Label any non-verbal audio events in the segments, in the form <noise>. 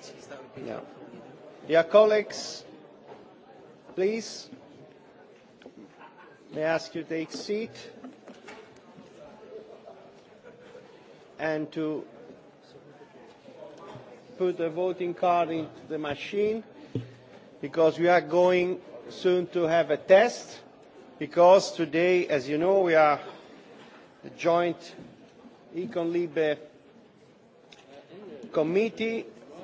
committees, that would be yeah. helpful. Dear colleagues, please, may I ask you to take seat and to put the voting card into the machine because we are going soon to have a test because today, as you know, we are the joint Econ Libre committee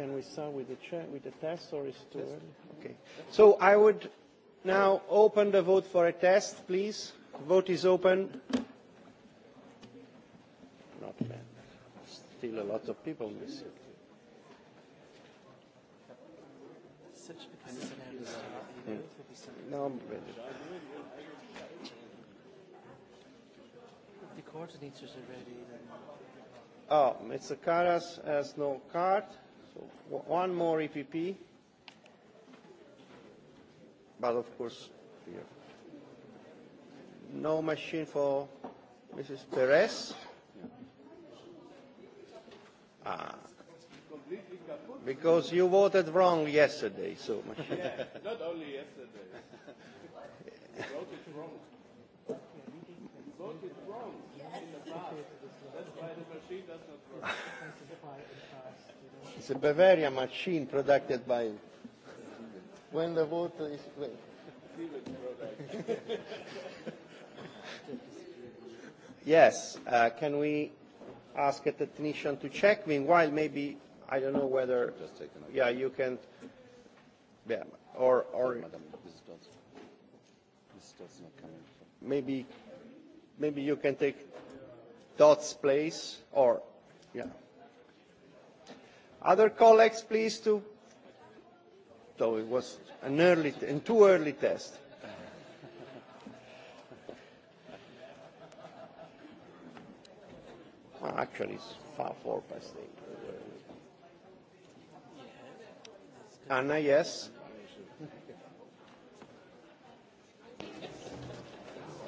Can we start with the, chair with the test or is it too early? Okay. So I would now open the vote for a test, please. Vote is open. Not bad. Still a lot of people missing. No, the coordinators are ready. Then. Oh, Mr. Karas has no card one more EPP. But of course, here. no machine for Mrs. Perez. Ah. Because you voted wrong yesterday, so. <laughs> yeah, not only yesterday. <laughs> voted wrong. voted wrong. It's a Bavaria machine produced by when the water is wet. <laughs> yes, uh, can we ask a technician to check? Meanwhile, maybe I don't know whether. Just take an yeah, you can. Yeah, or or. Madam, Mrs. Dodds. this Dodds not Maybe, maybe you can take Dots please, or yeah. Other colleagues, please, to. Though it was an early and too early test. Well, actually, it's far four past eight. Anna, yes.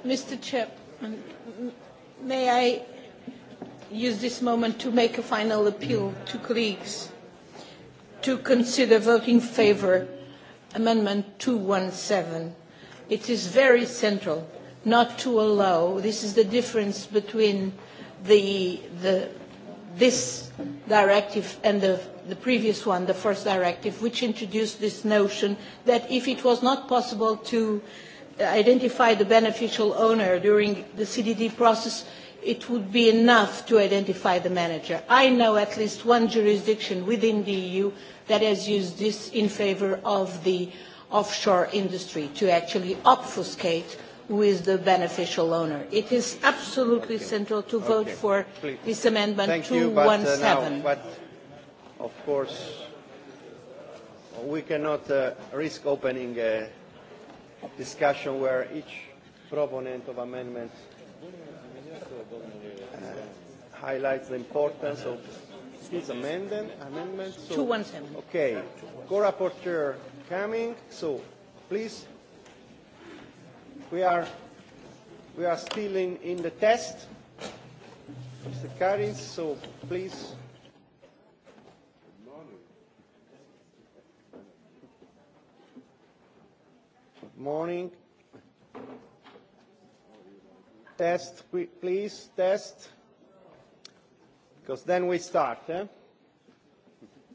Mr. Chip, may I use this moment to make a final appeal to colleagues to consider voting in favour Amendment 217. It is very central not to allow, this is the difference between the, the, this directive and the, the previous one, the first directive, which introduced this notion that if it was not possible to identify the beneficial owner during the CDD process, it would be enough to identify the manager. I know at least one jurisdiction within the EU that has used this in favour of the offshore industry to actually obfuscate who is the beneficial owner. It is absolutely okay. central to vote okay. for Please. this amendment Thank 217. You, but, uh, now, but of course, we cannot uh, risk opening a discussion where each proponent of amendments uh, highlights the importance of this amendment. amendment. So, 217. Okay. Co-rapporteur coming. So please, we are, we are still in, in the test. Mr. Karins, so please. morning. Test, please, test. Because then we start. Eh?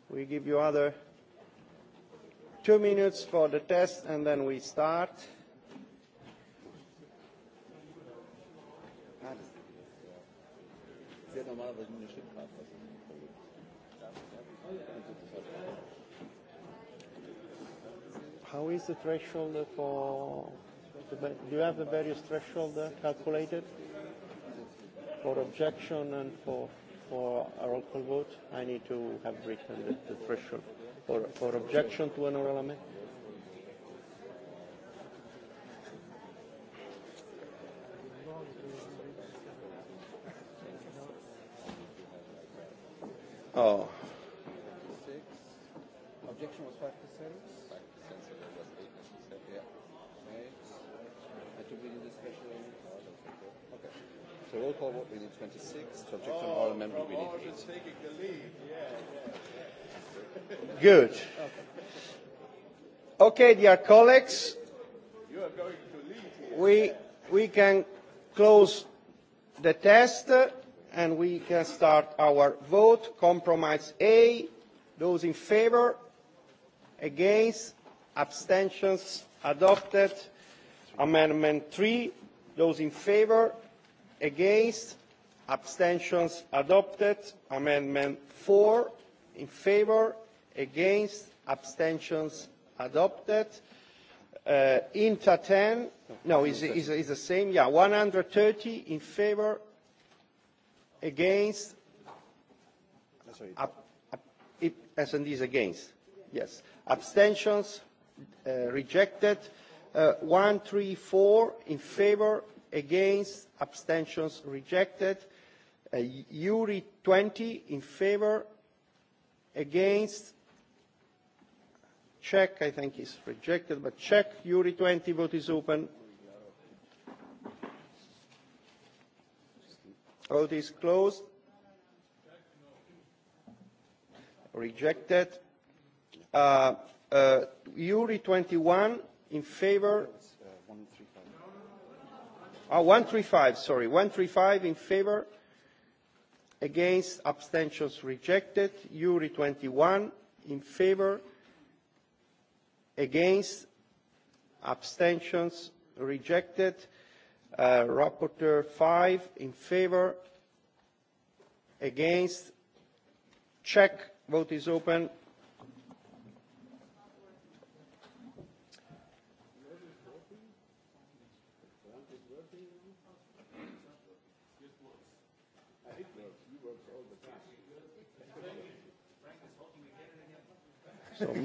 We give you other two minutes for the test and then we start. How is the threshold for Do you have the various threshold uh, calculated for objection and for for a roll call vote? I need to have written the, the threshold for for objection to an oral amendment. Oh. Good. Okay, dear colleagues, we, we can close the test and we can start our vote. Compromise A, those in favour, against, abstentions, adopted. Amendment 3, those in favour, against, abstentions, adopted. Amendment 4, in favour, against abstentions adopted uh, inter 10 no is is is the same yeah 130 in favor against and is against yes abstentions uh, rejected uh, 134 in favor against abstentions rejected uh, URI 20 in favor against check. I think it's rejected, but check. URI 20 vote is open. Vote is closed. Rejected. Uh, uh, URI 21 in favor. Oh, uh, 135, ah, sorry. 135 in favor. Against, abstentions rejected. URI 21 in favor against abstentions rejected uh, rapporteur 5 in favor against check vote is open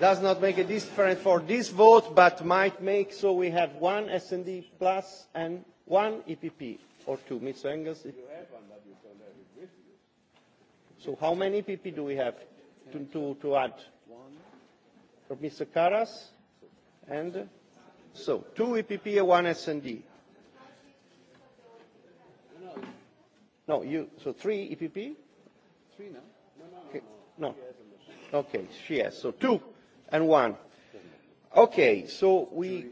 does not make a difference for this vote, but might make so we have one SD plus and one EPP or two. Mr. Engels? You have one, but you don't have it with you. So how many EPP do we have to, to, to add? One. For Mr. Karas? And so, two EPP and one SD. No, you, so three EPP? Three, no? No. no, no, no. no. Okay, she has. So two and one. Okay, so we...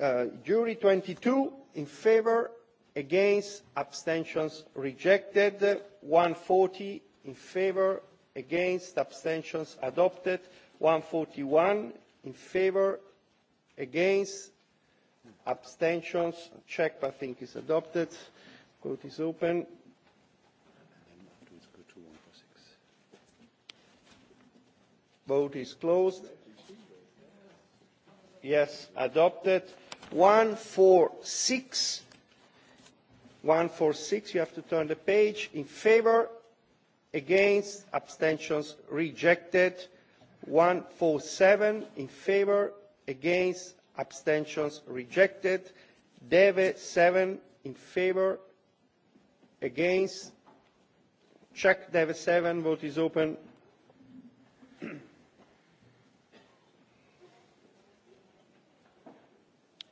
Uh, jury 22 in favor, against, abstentions rejected. 140 in favor, against, abstentions adopted. 141 in favor, against, abstentions check, I think is adopted. Vote is open. Vote is closed. Yes, adopted. 146. 146, you have to turn the page. In favor, against, abstentions rejected. 147, in favor, against, abstentions rejected. Deve 7, in favor, against. Check Deve 7, vote is open.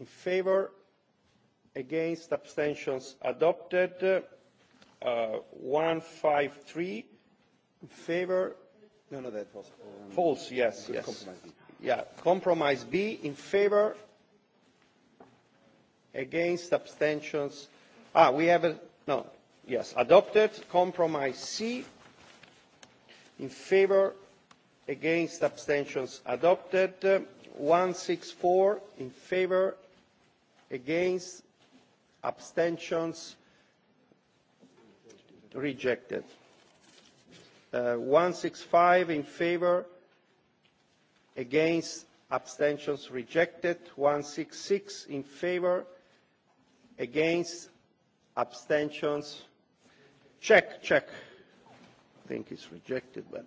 in favour against abstentions adopted uh, 153 in favour no no that was um, false yes yes compromise b. yeah compromise b in favour against abstentions ah we have a no yes adopted compromise c in favour against abstentions adopted uh, 164 in favor against abstentions rejected uh, 165 in favor against abstentions rejected 166 in favor against abstentions check check i think it's rejected but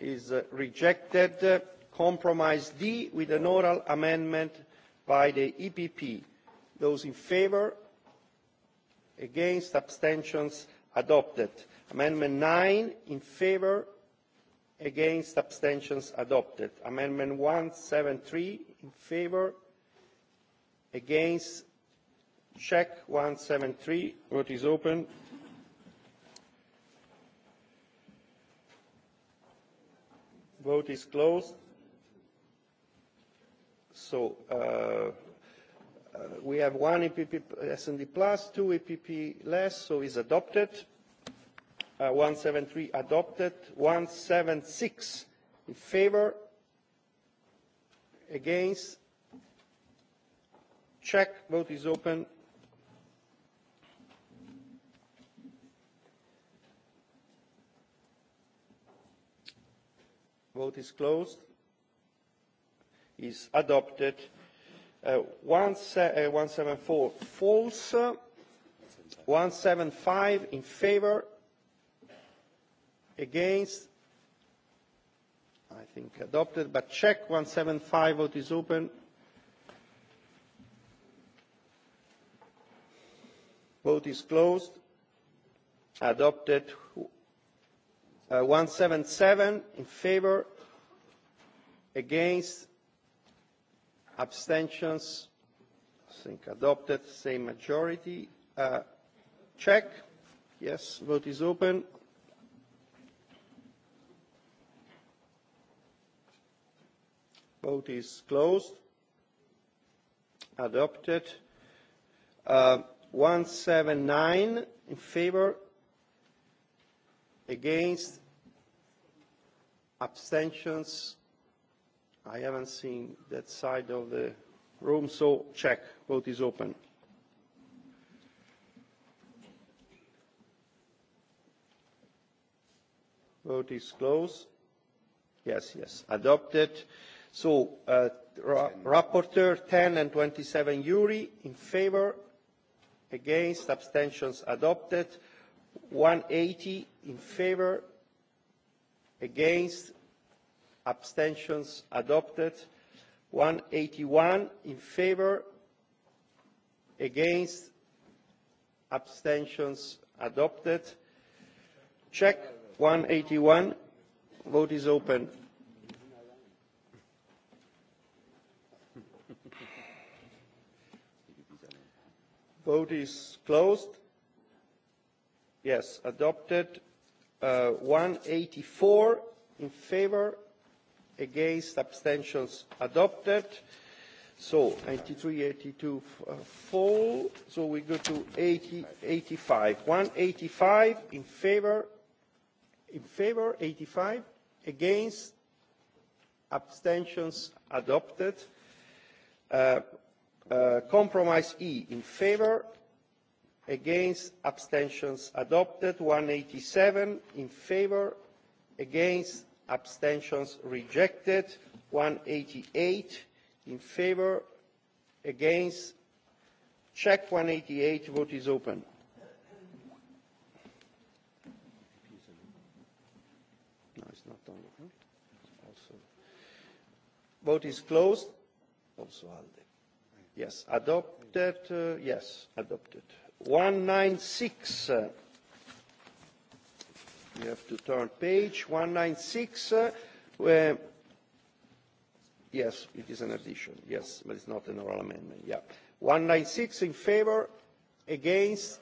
is uh, rejected. Uh, compromise D with an oral amendment by the EPP. Those in favour? Against? Abstentions? Adopted. Amendment nine in favour? Against? Abstentions? Adopted. Amendment 173 in favour? Against? Check 173. Vote is open. vote is closed so uh, uh, we have one epp sd plus two epp less so is adopted uh, 173 adopted 176 in favor against check vote is open vote is closed is adopted uh, one, se uh, 174 false 175 in favor against I think adopted but check 175 vote is open vote is closed adopted Uh, one Uh, seven in favour against, abstentions, I think adopted, same majority. Uh, check. Yes, vote is open. Vote is closed. Adopted. Uh, nine in favour Against? Abstentions? I haven't seen that side of the room, so check. Vote is open. Vote is closed. Yes, yes, adopted. So, uh, ra Rapporteur 10 and 27 Yuri in favor, against, abstentions adopted. 180 in favor, against, abstentions adopted. 181 in favor, against, abstentions adopted. Check 181. Vote is open. Vote is closed Yes, adopted. Uh, 184 in favor, against, abstentions adopted. So 93, 82 uh, fall. So we go to 80, 85. 185 in favor, in favor, 85 against, abstentions adopted. Uh, uh, compromise E in favor, against abstentions adopted one hundred and eighty seven in favour against abstentions rejected one hundred and eighty eight in favour against check one hundred and eighty eight vote is open no it's not only also vote is closed also yes adopted uh, yes adopted 196 uh, you have to turn page 196 uh, where yes it is an addition yes but it's not an oral amendment yeah 196 in favor against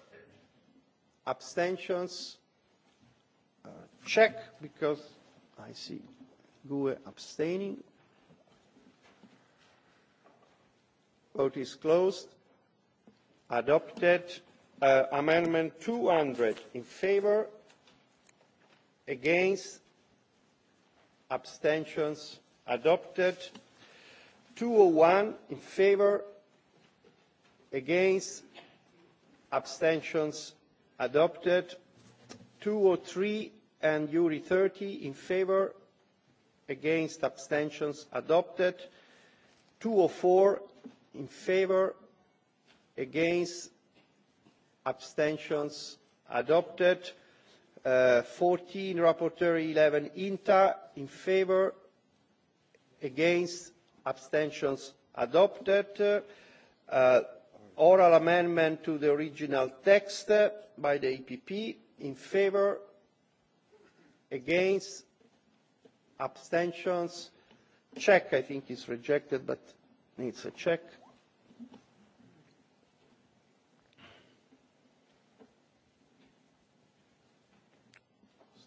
abstentions uh, check because i see GUE abstaining vote is closed adopted Uh, amendment two 200 in favor, against, abstentions adopted. 201 in favor, against, abstentions adopted. 203 and URI 30 in favor, against, abstentions adopted. 204 in favor, against, abstentions adopted uh, fourteen 14 rapporteur 11 inta in favor against abstentions adopted uh, oral amendment to the original text by the epp in favor against abstentions check i think is rejected but needs a check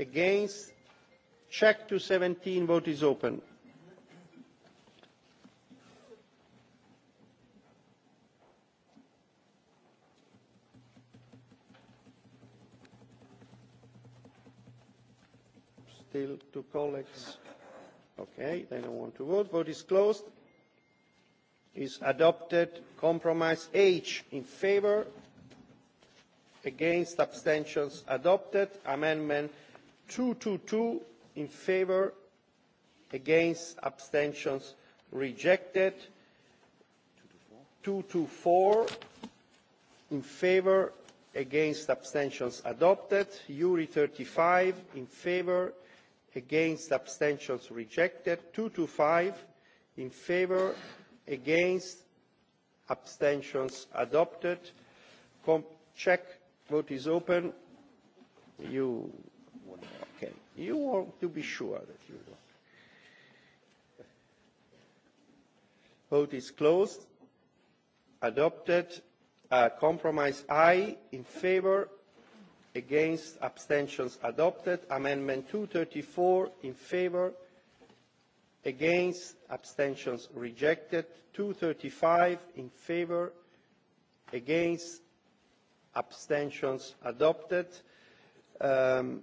against check to 17. vote is open still two colleagues okay they don't want to vote vote is closed is adopted compromise h in favor against abstentions adopted amendment 222 in favour against abstentions rejected 224 in favour against abstentions adopted uri 35 in favour against abstentions rejected 225 in favour against abstentions adopted Com check vote is open you You want to be sure that you want. Vote is closed. Adopted. Uh, compromise I in favour. Against abstentions adopted. Amendment 234 in favour. Against abstentions rejected. 235 in favour. Against abstentions adopted. Um,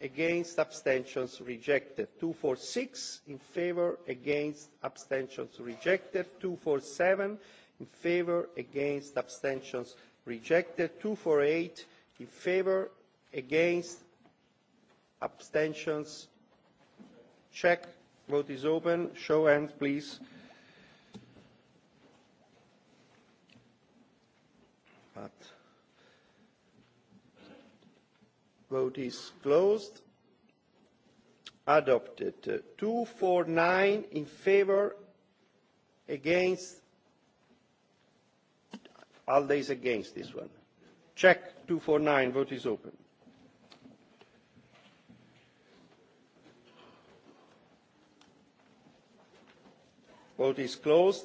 against abstentions rejected two four six in favour against abstentions rejected two four seven in favour against abstentions rejected two four eight in favour against abstentions check vote is open show hands please Vote is closed. Adopted. 249 in favor, against. All days against this one. Check 249. Vote is open. Vote is closed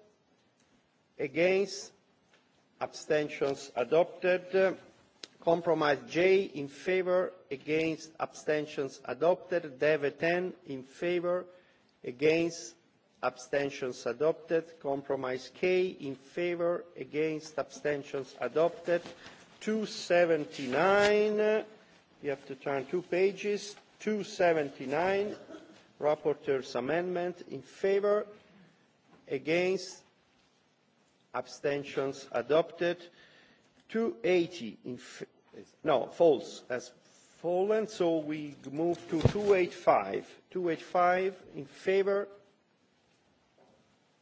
against abstentions adopted compromise j in favour against abstentions adopted dev 10 in favour against abstentions adopted compromise k in favour against abstentions adopted 279 you have to turn two pages 279 rapporteur's amendment in favour against abstentions adopted 280 in no false as fallen so we move to 285 285 in favor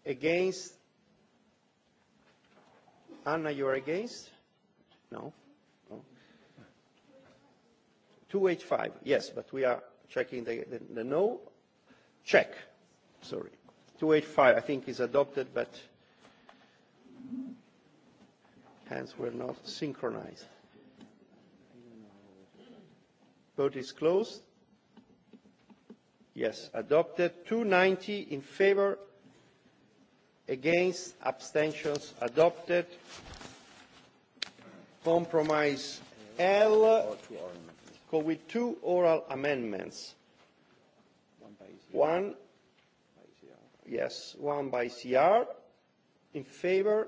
against Anna you are against no no 285 yes but we are checking the, the, the no check sorry 285 I think is adopted but hands were not synchronized. Vote is closed. Yes, adopted. 290 in favor, against, abstentions adopted. Compromise L with two oral amendments. One, yes, one by CR in favor,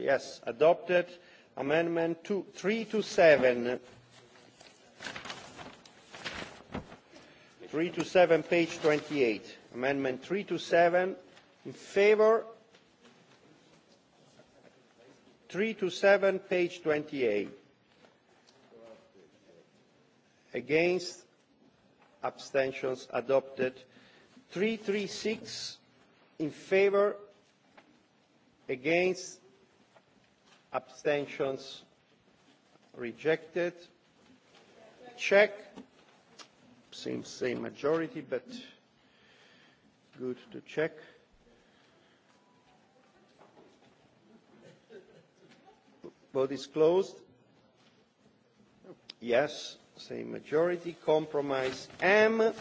yes adopted amendment three to seven three to seven page twenty eight amendment three to seven in favour three to seven page twenty eight against abstentions adopted three three six in favour against abstentions rejected check seems same majority but good to check vote is closed yes same majority compromise m where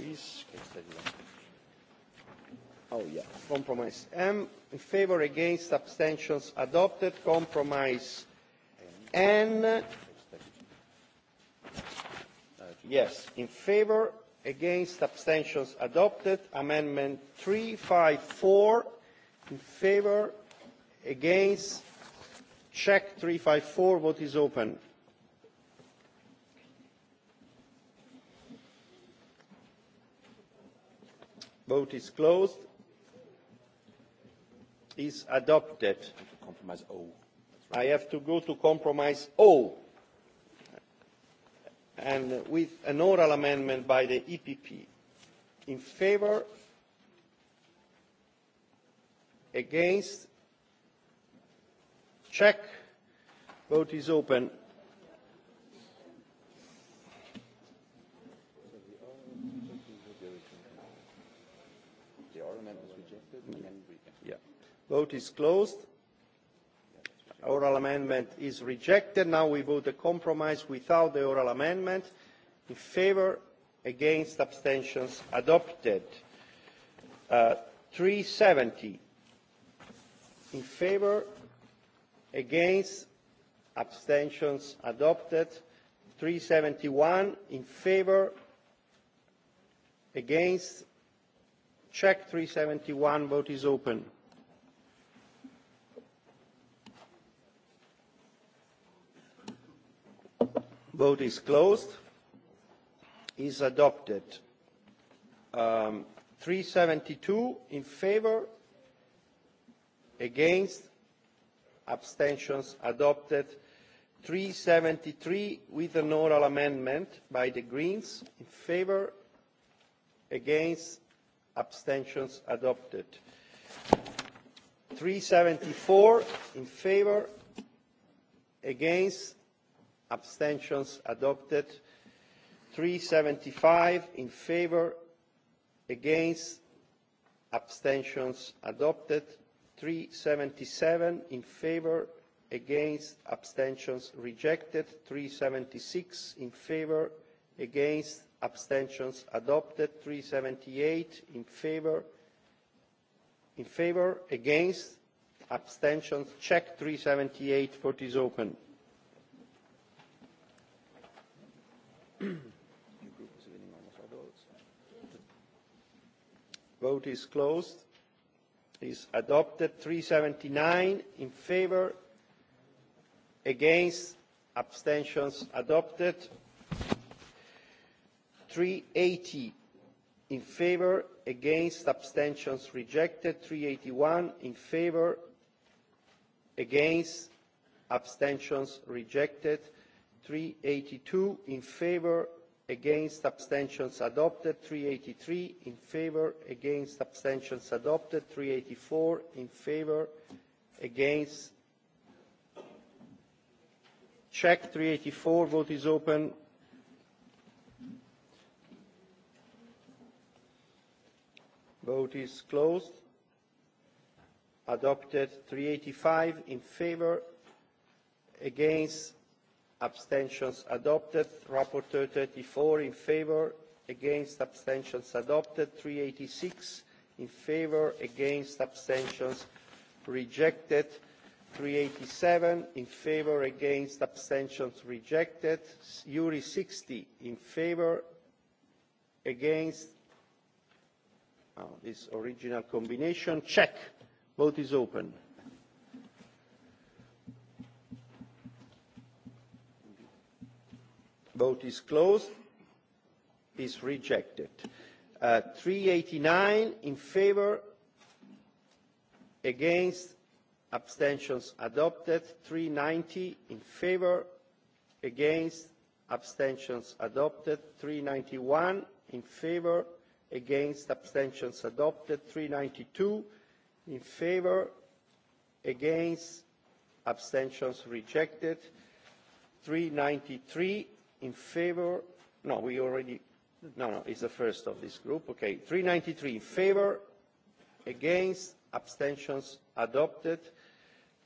is Oh, yeah. Compromise M. In favor, against, abstentions adopted. Compromise N. Yes. In favor, against, abstentions adopted. Amendment three five four. In favor, against, check three five four. Vote is open. Vote is closed is adopted. Compromise O. Right. I have to go to compromise O. And with an oral amendment by the EPP. In favor? Against? Check. Vote is open vote is closed oral amendment is rejected now we vote the compromise without the oral amendment in favour against abstentions adopted uh, 370 in favour against abstentions adopted 371 in favour against check 371 vote is open Vote is closed. Is adopted. Um, 372 in favor, against, abstentions adopted. 373 with an oral amendment by the Greens in favor, against, abstentions adopted. 374 in favor, against, abstentions adopted 375 in favour, against abstentions adopted 377 in favour, against abstentions rejected 376 in favour, against abstentions adopted 378 in favour. in favour against abstentions check 378 vote is open Vote is closed. Is adopted 379 in favor, against, abstentions adopted. 380 in favor, against, abstentions rejected. 381 in favor, against, abstentions rejected. 382 in favor, against abstentions adopted 383 in favor, against abstentions adopted 384 in favor, against check 384 vote is open vote is closed adopted 385 in favor, against abstentions adopted rapporteur 34 in favour, against abstentions adopted 386 in favour, against abstentions rejected 387 in favour, against abstentions rejected uri 60 in favour, against oh, this original combination check vote is open vote is closed is rejected uh, 389 in favor against abstentions adopted 390 in favor against abstentions adopted 391 in favor against abstentions adopted 392 in favor against abstentions rejected 393 in favor no we already no no it's the first of this group okay 393 in favor against abstentions adopted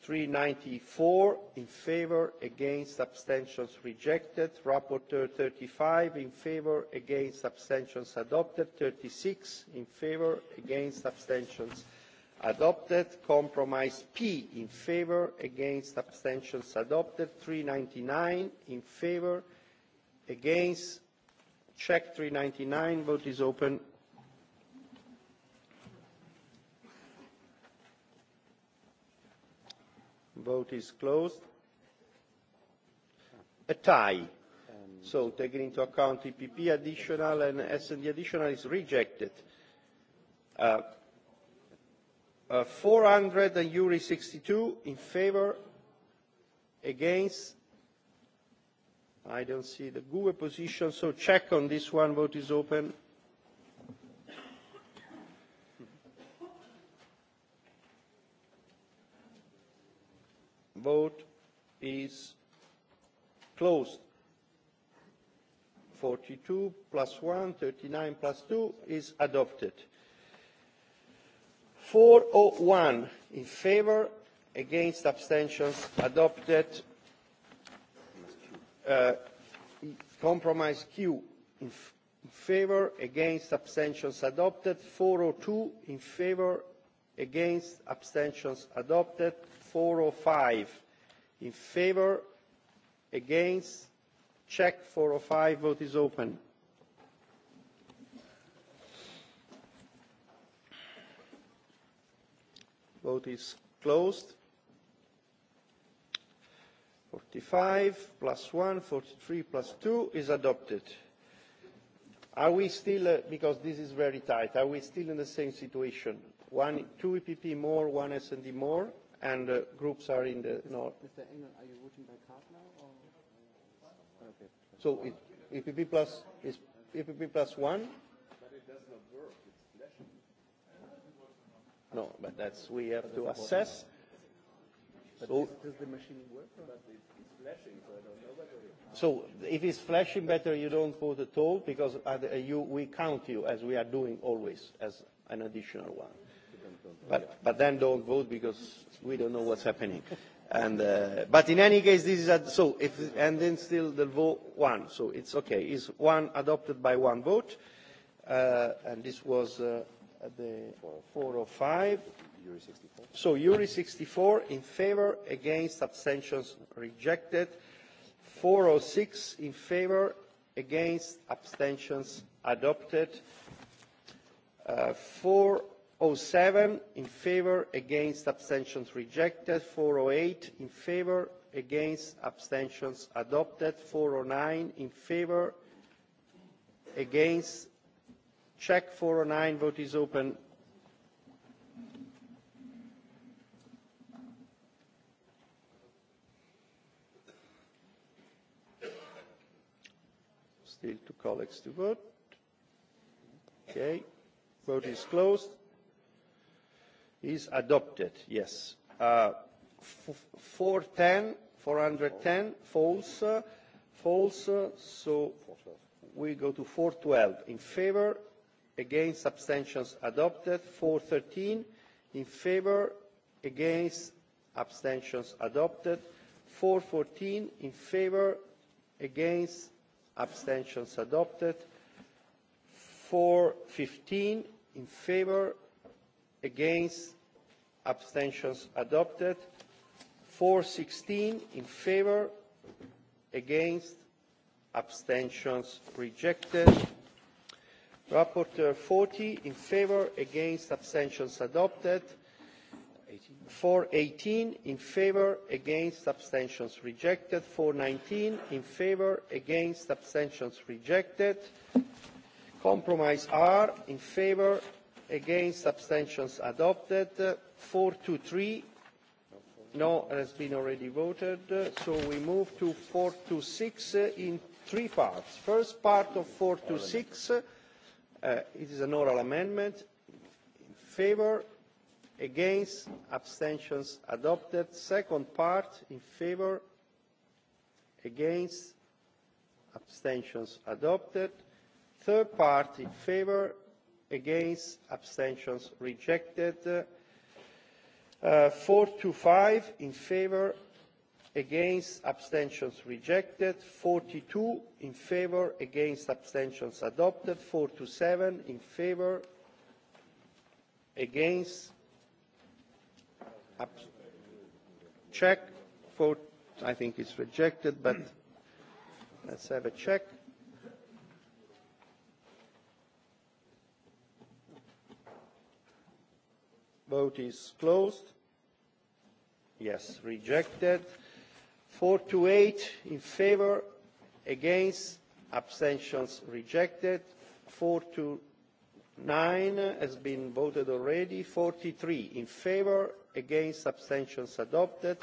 394 in favor against abstentions rejected rapporteur 35 in favor against abstentions adopted 36 in favor against abstentions adopted compromise p in favour against abstentions adopted 399 in favour against check 399 vote is open vote is closed a tie um, so taking into account EPP additional and S&D additional is rejected uh, uh, 400 and URI 62 in favor against I don't see the GUE position, so check on this one. Vote is open. Vote is closed. 42 plus 1, 39 plus 2 is adopted. 401 in favor, against abstentions adopted. Uh, compromise Q in, favour, against abstentions adopted. four oh two in favour, against abstentions adopted. four oh five in favour, against check four oh five vote is open vote is closed 45 plus 1, 43 plus 2 is adopted. Are we still, uh, because this is very tight, are we still in the same situation? One, two EPP more, one S&D more, and uh, groups are in the... north. Mr. Engel, are you voting by card now? Or? Okay. So it, EPP plus is EPP plus one? But it does not work. It's flashing. No, but that's, we have to assess so, does, the machine work or It's flashing, so I don't know whether it's So if it's flashing better, you don't vote at all because you, we count you as we are doing always as an additional one. But, but then don't vote because we don't know what's happening. And, uh, but in any case, this is a, so. If, and then still the vote one, so it's okay. It's one adopted by one vote? Uh, and this was uh, the four or oh five. Euro 64. So Euro 64 in favor, against, abstentions rejected. 406 in favor, against, abstentions adopted. Uh, 407 in favor, against, abstentions rejected. 408 in favor, against, abstentions adopted. 409 in favor, against, check 409, vote is open. colleagues to vote. Okay. Vote is closed. Is adopted. Yes. Uh, 410, 410 false, uh, false. Uh, so we go to 412. In favor, against abstentions adopted. 413 in favor, against abstentions adopted. 414 in favor, against abstentions adopted 415 in favour, against abstentions adopted 416 in favour, against abstentions rejected rapporteur 40 in favour, against abstentions adopted 418 in favour against abstentions rejected 419 in favour against abstentions rejected compromise r in favour against abstentions adopted 423 no has been already voted so we move to 426 in three parts first part of 426 uh, it is an oral amendment in favour against abstentions adopted second part in favor against abstentions adopted third part in favor against abstentions rejected uh, four to five in favor against abstentions rejected 42 in favor against abstentions adopted 4 to 7 in favor against Check. Vote. I think it's rejected, but let's have a check. Vote is closed. Yes, rejected. 4 to 8 in favor, against, abstentions rejected. 4 to 9 has been voted already. 43 in favor, against abstentions adopted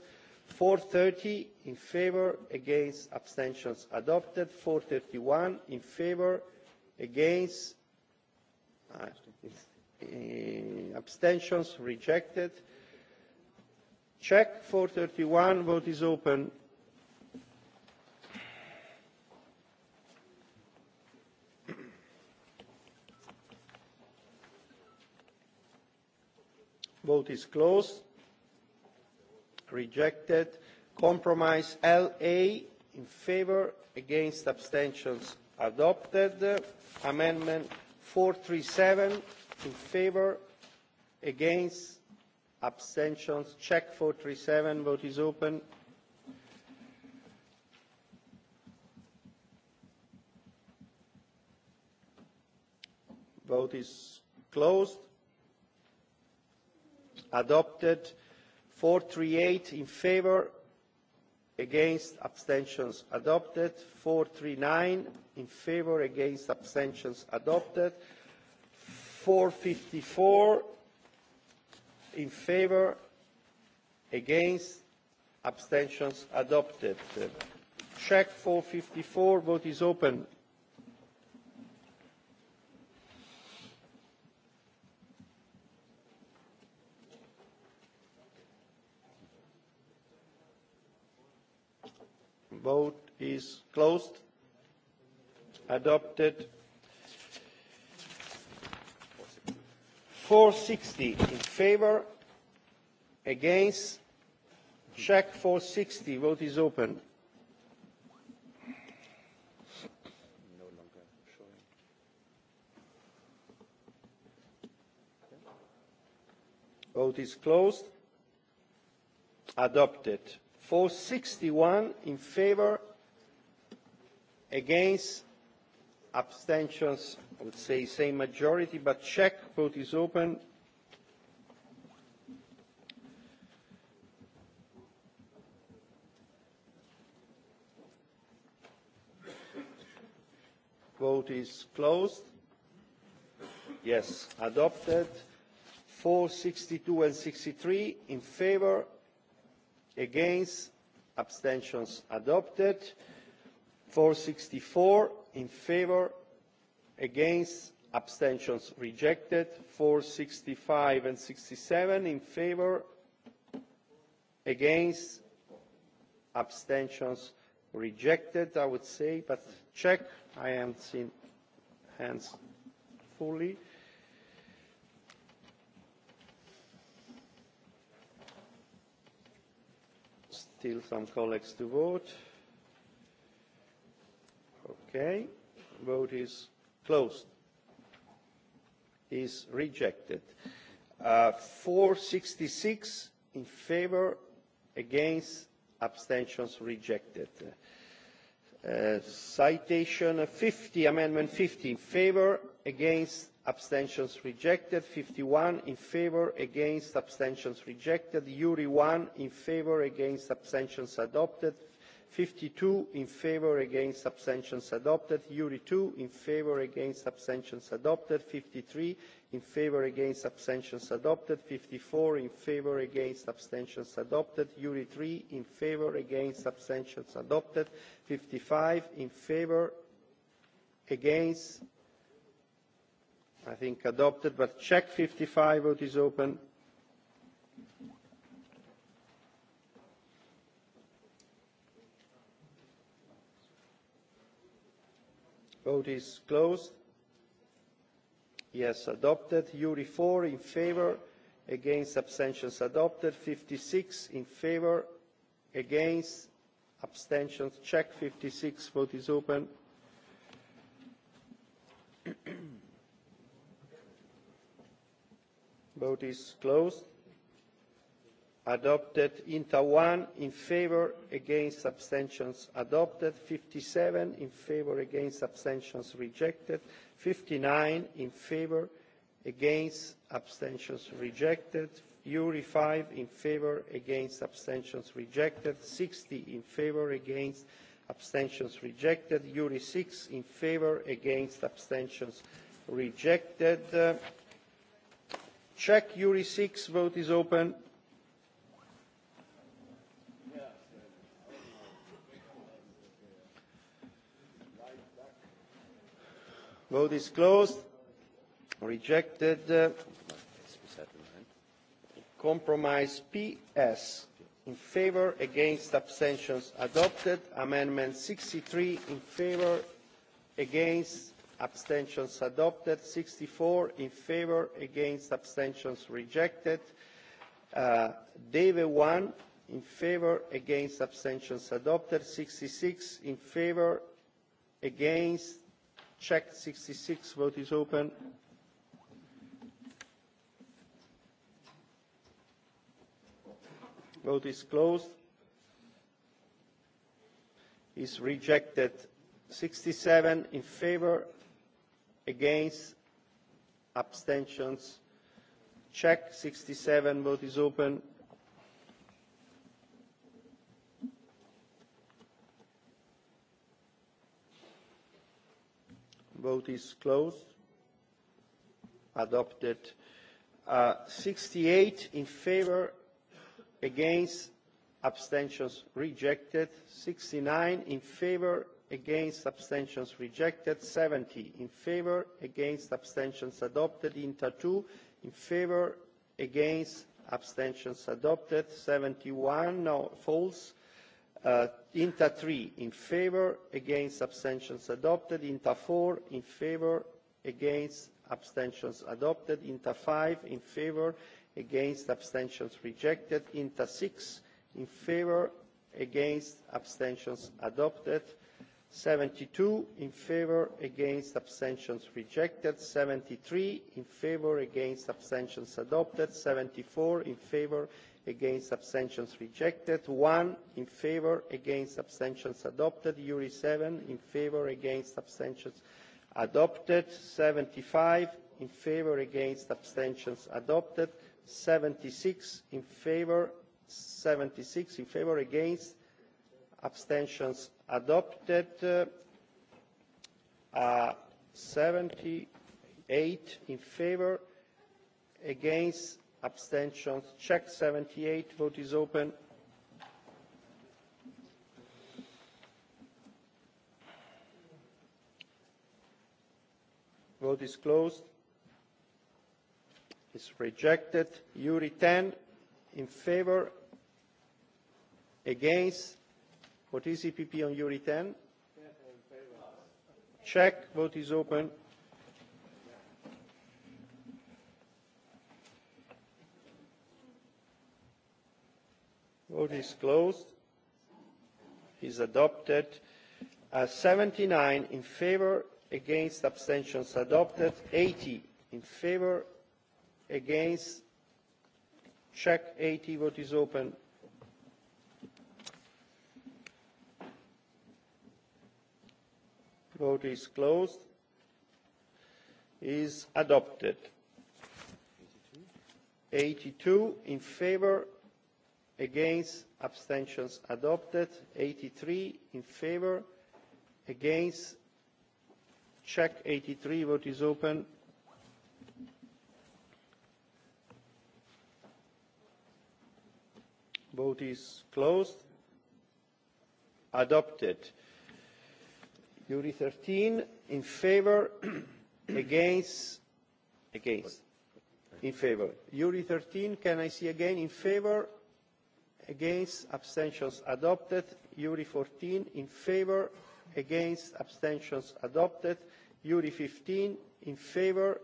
430 in favour against abstentions adopted 431 in favour against uh, uh, abstentions rejected check 431 vote is open vote is closed rejected compromise la in favour against abstentions adopted amendment 437 in favour against abstentions check 437. vote is open vote is closed adopted 438 in favour against abstentions adopted 439 in favour against abstentions adopted 454 in favour against abstentions adopted check 454. vote is open Vote is closed. Adopted. 460 in favor, against, check 460. Vote is open. Vote is closed. Adopted. 461 in favour against abstentions i would say same majority but check vote is open vote is closed yes adopted 462 and 63 in favour against abstentions adopted 464 in favour; against abstentions rejected 465 and 67 in favour; against abstentions rejected i would say but check i haven't seen hands fully still some colleagues to vote. Okay. Vote is closed. Is rejected. Uh, 466 in favor, against, abstentions rejected. Uh, citation 50, amendment 50 in favor, against, abstentions rejected 51 in favour, against abstentions rejected URI 1 in favour, against abstentions adopted 52 in favour, against abstentions adopted URI 2 in favour, against abstentions adopted 53 in favour, against abstentions adopted 54 in favour, against abstentions adopted URI 3 in favour, against abstentions adopted 55 in favour, against I think adopted, but check 55, vote is open. Vote is closed. Yes, adopted. URI 4 in favour, against abstentions adopted. 56 in favour, against abstentions. Check 56, vote is open. vote is closed adopted inta one in favour against abstentions adopted 57 in favour against abstentions rejected 59 in favour against abstentions rejected URI 5 in favour against abstentions rejected 60 in favour against abstentions rejected URI 6 in favour against abstentions rejected uh, check URI 6 vote is open vote is closed rejected compromise ps in favour against abstentions adopted amendment 63. in favour against abstentions adopted sixty four in favour against abstentions rejected uh, deve one in favour against abstentions adopted sixty six in favour against check sixty six vote is open vote is closed is rejected sixty seven in favour against abstentions check 67 vote is open vote is closed adopted uh, 68 in favor against abstentions rejected 69 in favor against abstentions rejected 70 in favour; against abstentions adopted inter 2 in favour; against abstentions adopted 71 no false uh, inter 3 in favour; against abstentions adopted inter 4 in favour; against abstentions adopted inter 5 in favour; against abstentions rejected inter 6 in favour; against abstentions adopted 72 in favour against abstentions rejected 73 in favour against abstentions adopted 74 in favour against abstentions rejected 1 in favour against abstentions adopted URI 7 in favour against abstentions adopted 75 in favour against abstentions adopted 76 in favour 76 in favour against abstentions adopted uh, eight in favour against abstentions check seventy eight vote is open vote is closed is rejected uri ten in favour against What is EPP on URI 10? Check. Vote is open. Vote is closed. Is adopted. Uh, 79 in favor, against abstentions adopted. 80 in favor, against. Check 80. Vote is open. vote is closed is adopted 82 in favour, against abstentions adopted 83 in favour, against check 83 vote is open vote is closed adopted Jury 13 in favor, <clears throat> against, against, in favor. Jury 13, can I see again in favor, against, abstentions adopted. Jury 14 in favor, against, abstentions adopted. Jury 15 in favor,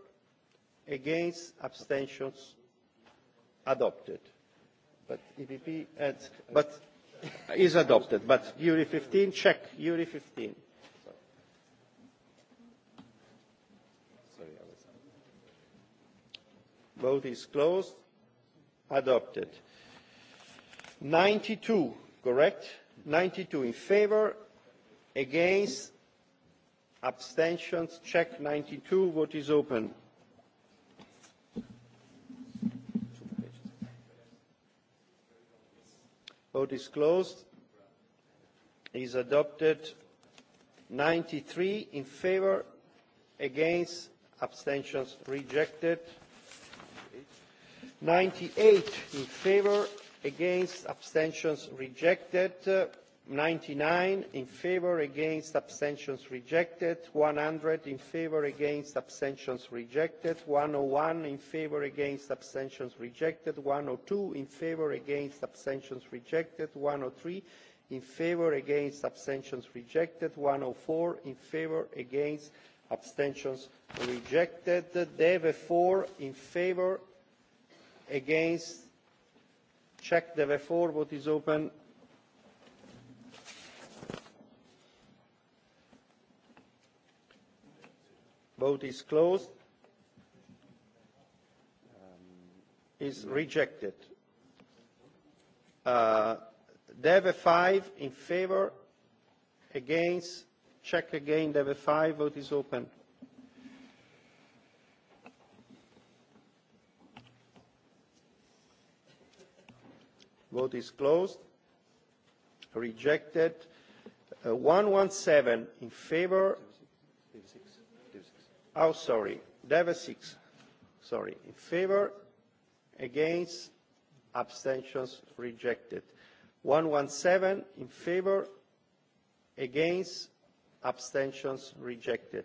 against, abstentions adopted. But EPP adds, but <laughs> is adopted. But Jury 15, check. Jury 15. vote is closed adopted ninety two correct ninety two in favour against abstentions check ninety two vote is open vote is closed is adopted ninety three in favour against abstentions rejected 98 in favour against abstentions rejected 99 in favour against abstentions rejected 100 in favour against abstentions rejected 101 in favour against abstentions rejected 102 in favour against abstentions rejected 103 in favour against abstentions rejected 104 in favour against abstentions rejected Deve 4 in favour against check the before vote is open vote is closed um, is rejected uh, dev 5 in favor against check again dev 5 vote is open vote is closed rejected uh, 117 in favor oh sorry deva 6 sorry in favor against abstentions rejected 117 in favor against abstentions rejected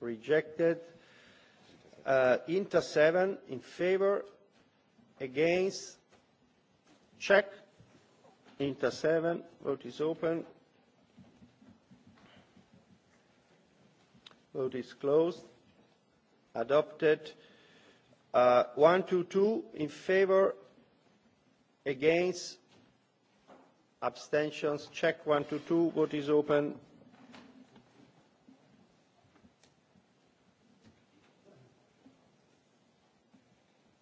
rejected uh, inter 7 in favor against check inter 7 vote is open vote is closed adopted uh, 122 in favor against abstentions check 122 vote is open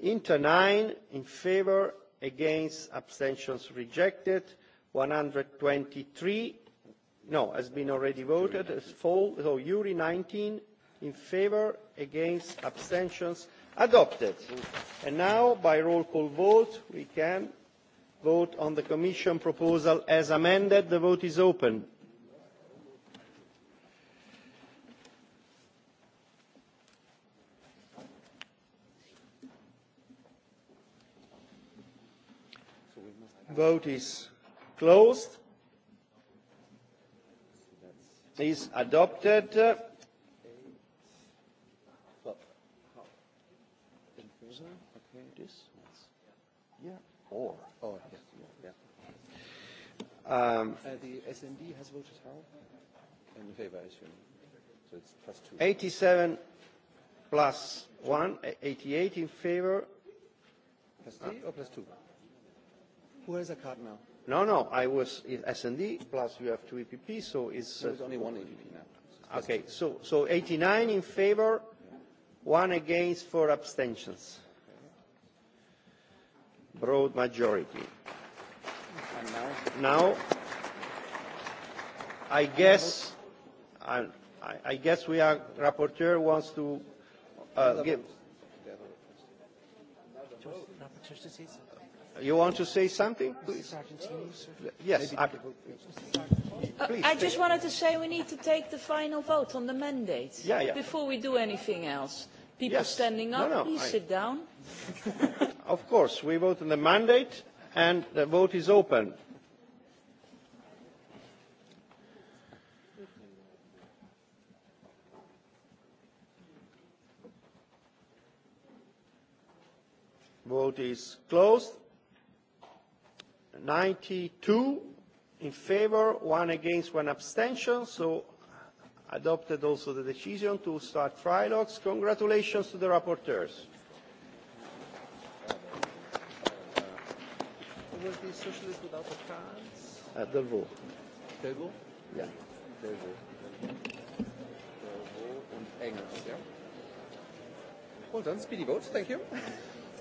Inter 9 in favour, against, abstentions rejected. 123, no, has been already voted, as full. So URI 19 in favour, against, abstentions adopted. And now, by roll call vote, we can vote on the Commission proposal as amended. The vote is open. Vote is closed. Is adopted. Um, uh, the SND has voted how? In I assume. So it's plus two. 87 plus one, 88 in favor. Plus three uh, or plus two? Where is the card now? No, no, I was S&D plus you have two EPP, so it's... There's uh, only one EPP now. Uh, okay, so, so 89 in favor, one against, four abstentions. Broad majority. And now? Now, I guess, I, I guess we are, rapporteur wants to uh, give... Another Vote. vote. Rapporteur You want to say something? Please. Yes. I, uh, I just wanted to say we need to take the final vote on the mandate yeah, yeah. before we do anything else. People yes. standing up, no, no, please I... sit down. <laughs> of course, we vote on the mandate and the vote is open. Vote is closed. 92 in favor, one against, one abstention. So adopted also the decision to start trilogues. Congratulations to the rapporteurs. Uh, the socialist without uh, Yeah. Delvaux. Delvaux und Engels, yeah. Well done, speedy vote, thank you.